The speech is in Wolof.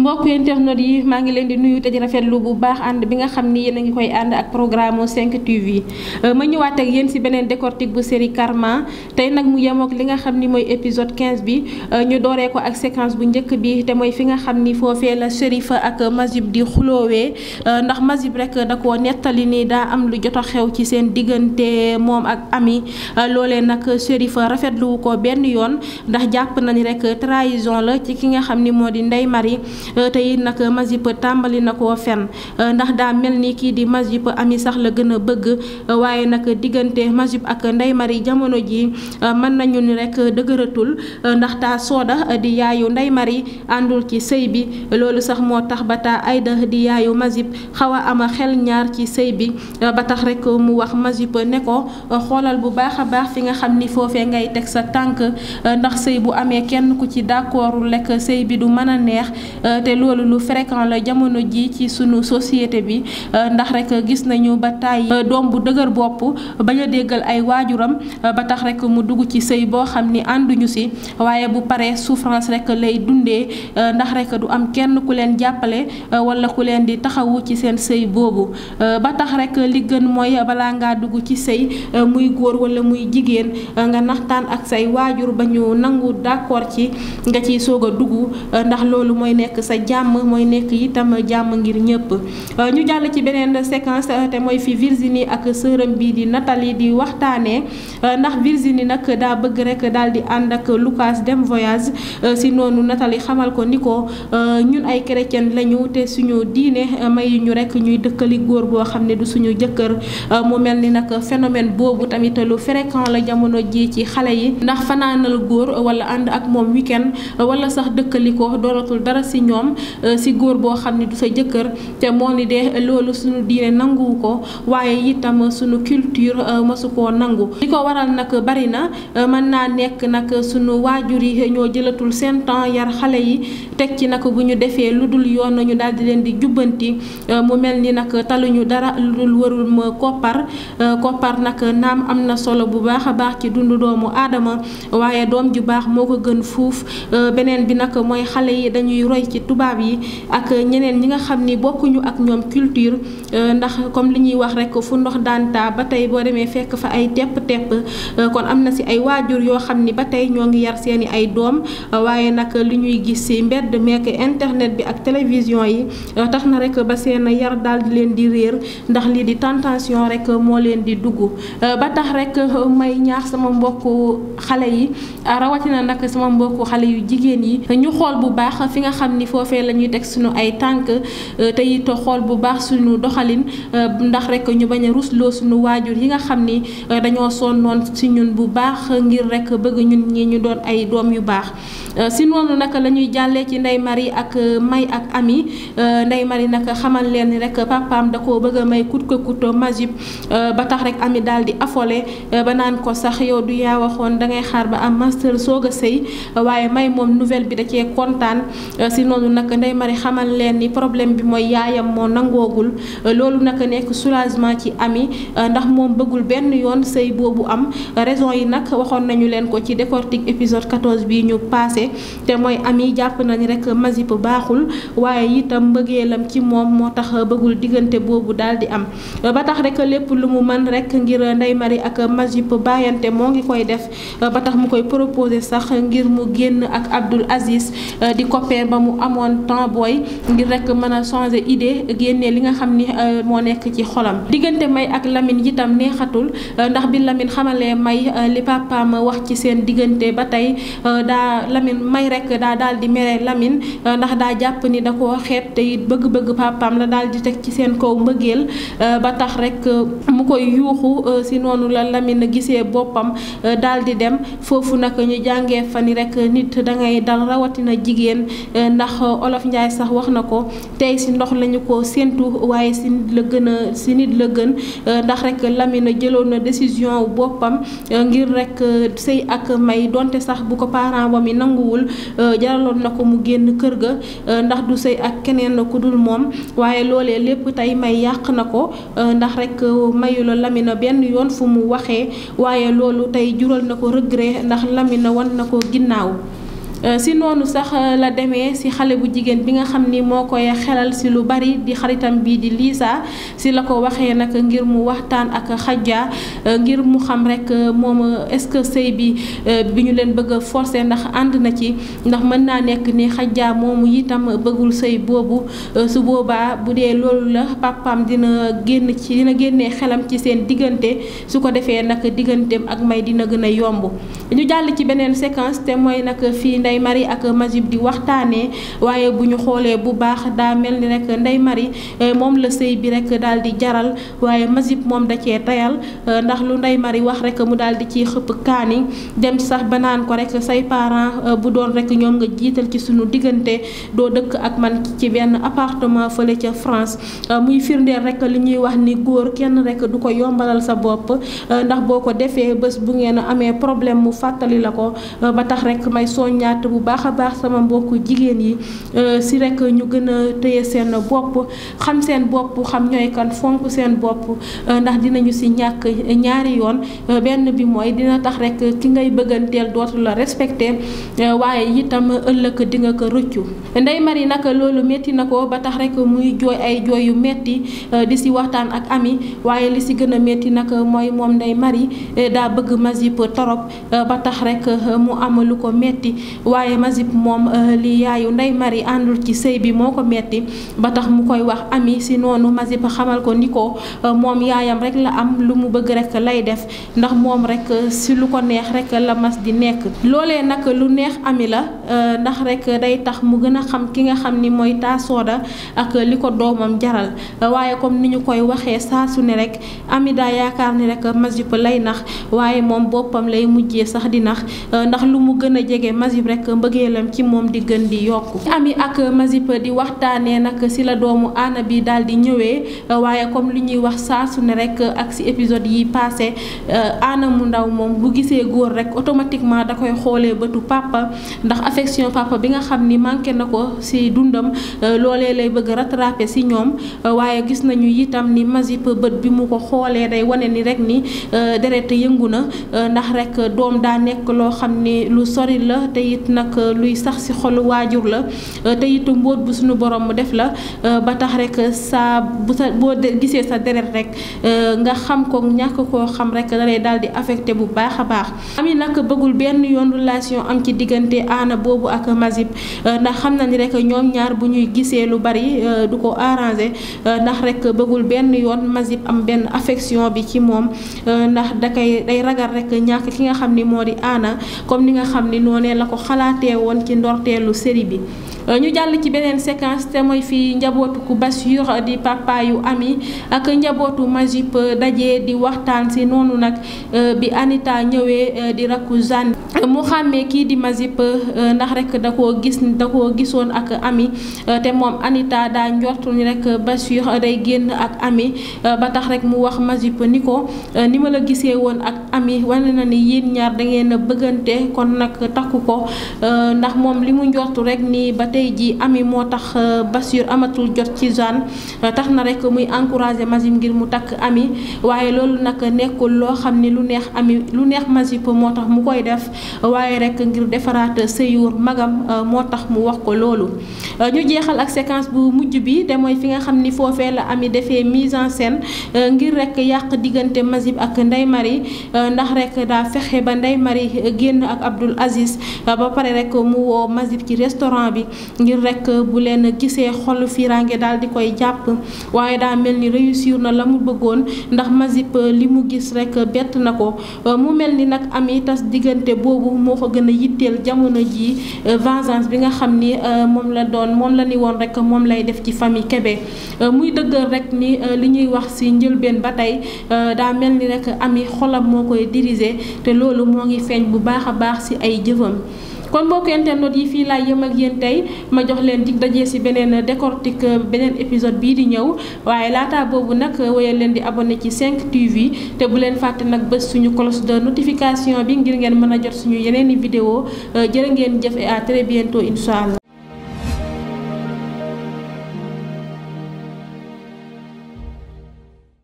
mbokk internet yi maa ngi leen di nuyu te di rafetlu bu baax ànd bi nga xam ni yéen a ngi koy ànd ak programme 5 TV euh, ma ñëwaat ak yéen ci beneen décortique bu série Karma tey nag mu yemook li nga xam ni mooy épisode 15 bi euh, ñu dooree ko ak séquence bu njëkk bi te mooy fi nga xam ni foofee la Chérif ak Mazib di xuloowee euh, ndax Mazib rek da koo nettali ni daa am lu jot a xew ci seen diggante moom ak Ami loolee nag Chérif rafetluwu ko benn yoon ndax jàpp na ni rek trahison la ci ki nga xam ni moo di Ndeye Marie Euh, tey it nag euh, Majib tàmbali na koo fen euh, ndax daa mel ni kii di Majib ami sax la gën a bëgg waaye nag diggante Majib ak Ndeye Marie jamono jii mën nañu ni rek dëgëratul ndax taa sooda di yaayu Ndeye Marie àndul ci sëy bi loolu sax moo tax ba taa Aïda di yaayu Majib xaw a am xel ñaar ci sëy bi ba tax rek mu wax Majib ne ko xoolal bu baax a baax fi nga xam ni foofee ngay teg sa tànk ndax sëy bu amee kenn ku ci d'accordul lekk sëy bi du mën a neex te loolu lu fréquent la jamono ji ci sunu société bi euh, ndax rek gis nañu ba tàyyi euh, doom bu dëgër bopp bañ a déggal ay waajuram euh, ba tax rek mu dugg ci sëy boo xam ni ànduñu si waaye bu paree souffrance rek lay dundee ndax rek du am kenn ku leen jàppale wala ku leen di taxawu ci seen sëy boobu ba tax rek li gën mooy balaa ngaa dugg ci sëy muy góor wala muy jigéen nga naxtaan ak say waajur ba ñu nangu d'accord ci nga ciy soog a dugg ndax loolu mooy nekk sa jàmm mooy nekk itam jamm ngir ñepp euh, ñu jall ci benen séquence euh, té moy fi Virginie ak sëram bi di Nathalie di waxtané euh, ndax Virginie nak da bëgg rek daal di anda ak Lucas dem voyage si nonu Nathalie xamal ko niko ñun ay chrétien lañu te suñu diiné may ñu rek ñuy dëkkali goor bo xamné du suñu jëkkeur mu melni ni phénomène bobu tamit lu fréquent la jamono ji ci xalé yi ndax fanaanal goor wala and ak mom week-end wala sax dëkkali ko doonatul dara si ñoo doom euh, si góor boo xam ne du sa jëkkër te moo ni de loolu suñu diine nanguwu ko waaye itam suñu culture euh, mosu koo nangu li ko waral nag bari na euh, mën naa nekk nag sunu waajur yi ñoo jëlatul seen temps yar xale yi teg ci nag bu ñu defee lu dul yoon nañu daal di leen di jubbanti mu mel ni nag taluñu dara lu dul warul ma koppar koppar nag naam am na solo bu baax a baax ci dundu doomu aadama waaye doom ju baax moo ko gën fuuf beneen bi nag mooy xale yi dañuy tubaab yi ak ñeneen ñi nga xamni bokku ñu ak ñom culture euh, ndax comme li ñuy wax rek fu ndox danta batay bo démé fekk fa ay tép tép euh, kon amna ci ay wajur yo xamni batay ñoo ngi yar seeni ay dom waye nak li ñuy gis ci mbedd mek internet bi ak télévision yi euh, tax na rek ba seen yar dal di leen di réer ndax li di tentation rek mo leen di duggu ba tax rek may ñaax sama mbokk xalé yi rawatina nak sama mbokk xalé yu jigéen yi ñu xol bu baax fi nga xamni fo foofee la ñuy teg suñu ay tànk euh, te it xool bu baax suñu doxalin euh, ndax rek ñu bañ a rusloo suñu waajur yi nga xam ni euh, dañoo sonnoon si ñun bu baax ngir rek bëgg ñun ñi ñu doon ay doom yu baax si noonu nag la ñuy jàllee ci Ndeye Marie ak May ak Ami Ndeye Marie nag xamal leen ni rek papaam da koo bëgg may kut ko kut majib ba tax rek Ami daal di affolé ba naan ko sax yow du yaa waxoon dangay xaar ba am master soog a sëy waaye May moom nouvelle bi da cee loolu nag Ndeye Marie xamal leen ni problème bi mooy yaayam moo nangoogul euh, loolu nag nekk soulagement ci ami euh, ndax moom bëggul benn yoon sëy boobu am raison yi nag waxoon nañu leen ko ci décortique épisode 14 bi ñu paase te mooy ami jàpp nañ rek Mazip baaxul waaye itam mbëggeelam ci moom moo tax bëggul diggante boobu daal di am euh, ba tax rek lépp lu mu mën rek ngir Ndeye mari ak Mazip bàyyante moo ngi koy def ba tax mu koy proposé sax ngir mu génn ak Abdoul Aziz amoon temps booy ngir rek mën a changer idée génne li nga xam ni euh, moo nekk ci xolam diggante may ak Lamine itam neexatul euh, ndax bi Lamine xamalee may euh, li papaam wax ci seen diggante ba tey daa Lamine may rek daa daal di mere Lamine ndax daa jàpp ni da koo xeet tey it bëgg-bëgg papaam la dal di teg ci seen kaw mbëggeel ba tax rek mu koy yuuxu si noonu la Lamine gisee boppam dal di dem foofu nag ñu jàngee fa ni rek nit dangay dal rawatina jigéen ndax olof Njaay sax wax na ko tey si ndox lañu ko séentu waaye si nit la gën a si nit la gën ndax rek Lamine jëloon na décision boppam ngir rek sëy ak may donte sax bu ko parent wam yi nanguwul jaraloon na ko mu génn kër ga ndax du sëy ak keneen ku dul moom waaye loolee lépp tey may yàq na ko ndax rek mayula la Lamine benn yoon fu mu waxee waaye loolu tey jural na ko regret ndax Lamine wan na ko ginnaaw Euh, si noonu sax euh, la demee si xale bu jigéen bi nga xam ni moo koy xelal si lu bari di xaritam bii di Lisa si la ko waxee nag ngir mu waxtaan ak Khadija euh, ngir mu xam rek moom est-ce que sëy bi bi ñu leen bëgg a ndax ànd na ci ndax mën naa nekk ni Khadija moomu itam bëggul sëy boobu su boobaa bu dee loolu la papaam dina génn ci dina génnee xelam ci seen diggante su ko defee nag digganteem ak may dina gën a yomb ñu jàll ci beneen séquence te mooy nag fii Ndeye Marie ak Majib di waxtaanee waaye bu ñu xoolee bu baax daa mel ni rek Ndeye eh, moom la sëy bi rek daal di jaral waaye Majib moom da cee tayal eh, ndax lu Ndeye wax rek mu daal di ciy xëpp kaani dem sax ba naan ko rek say parents eh, bu doon rek ñoom nga jiital ci sunu diggante doo dëkk ak man ci benn appartement fële ca France muy firndeel rek li ñuy wax ni góor kenn rek du ko yombalal sa bopp ndax boo ko defee bés bu ngeen amee problème mu fàttali la ko ba tax rek may soññaat bu baax a baax sama mbokk jigéen yi euh, si rekk ñu gën a téye seen bopp xam seen bopp xam ñooy kan fonk seen bopp euh, ndax dinañu si ñàkk ñaari yoon euh, benn bi mooy dina tax rek ki ngay bëgganteel dootula la respecté waaye itam ëllëg di nga ko rëccu Ndeye Marie nag loolu métti na ko ba tax rek muy jooy ay jooy yu métti di si waxtaan ak ami waaye li si gën a métti nag mooy moom Ndeye Marie daa bëgg Mazib torop ba tax rek mu am lu ko métti waaye Mazib moom euh, li yaayu Ndeye Marie àndul ci sëy bi moo ko metti ba tax mu koy wax ami si noonu Mazib xamal ko ni ko euh, moom yaayam rek la am lu mu bëgg rek lay def ndax moom rek euh, si lu ko neex rek la mas di nekk loolee nag lu neex ami la ndax rek day tax mu gën a xam ki nga xam ni mooy taa sooda ak li ko doomam jaral waaye comme ni ñu koy waxee saa su ne rek ami daa yaakaar ni rek Mazib lay nax waaye moom boppam lay mujjee sax di nax ndax lu mu gën a jege Mazib rek rek mbëggeelam ci moom di gën di yokku ami ak Mazip di waxtaanee nag si la doomu ana bi daal di ñëwee waaye comme li ñuy wax saa su ne rek ak si épisode yi passé aana mu ndaw moom bu gisee góor rek automatiquement da koy xoolee bëtu papa ndax affection papa bi nga xam ni manqué na ko si dundam loolee lay bëgg rattraper si ñoom waaye gis nañu itam ni Mazip bët bi mu ko xoolee day wane ni rek ni deret yëngu na ndax rek doom daa nekk loo xam nak eh, luy sax ci xol wajur la eh, te itam mboot bu suñu borom mu def la eh, ba tax rek sa bo sa gisee sa deret rek nga xam ko ñak ko xam rek da lay daldi affecter bu baax baax ami nak bëggul benn yoon relation am ci diggante ana bobu ak mazib ndax xam na ni rek ñom ñaar bu ñuy gisee lu bari du ko arrangé ndax rek bëggul benn yoon mazib am benn affection bi ci mom ndax da kay day ragal rek ñak ki nga xam ni moo ana comme ni nga xam ni la ko xal xalaatee woon ci ndorteelu série bi Euh, ñu jàll ci beneen séquence te mooy fii njabootu ku Bassir di papa yu Ami ak njabootu Majib euh, daje di waxtaan si noonu nag euh, bi Anita ñëwee di rakku Zane mu xàmmee kii di Majib ndax rek da koo gis da koo gisoon ak Ami te moom Anita daa njort ni rek Bassir day génn ak Ami ba tax rek mu wax Majib ni ko ni ma la gisee woon ak Ami wane na ni yéen ñaar da ngeen bëggante kon nag takku ko ndax moom li mu njortu rek nii ba tey ji ami moo tax euh, Bassirou amatul jot ci Jeanne euh, tax na rek muy encouragé Mazib ngir mu takk ami waaye loolu nag nekkul loo xam ni lu neex ami lu neex Mazib moo tax mu koy def waaye rek ngir defaraat sëyur magam euh, moo tax mu wax ko loolu ñu jeexal ak séquence bu mujj bi te mooy fi nga xam ni foofee la ami defee mise en scène ngir rek yàq diggante Mazib ak ndey mari ndax rek daa fexe ba ndey Marie génn ak Abdoul Aziz ba pare rekk mu woo Mazib ci restaurant bi ngir rek bu leen gisee xol fiiraange daal di koy jàpp waaye daa mel ni réussir na la mu bëggoon ndax Mazip euh, li mu gis rek bett na ko euh, mu mel ni nag ami tas diggante boobu moo ko gën a yitteel jamono ji euh, vengeance bi nga xam ni moom la doon moom la ni woon rek moom lay def ci famille kebe muy dëggal rek ni li ñuy wax si njëlbeen ba tey daa mel ni rek ami xolam moo koy diriger te loolu moo ngi feeñ bu baax a baax si ay jëfam kon mbokk internet yi fii laay yëm ak yéen tey ma jox leen dig dajee si beneen décortique beneen épisode bii di ñëw waaye laata boobu nag wéyal leen di abonné ci 5 TV te bu leen fàtte nag bés suñu cloche de notification bi ngir ngeen mën a jot suñu yeneeni vidéo jërë ngeen jafe et à très bientôt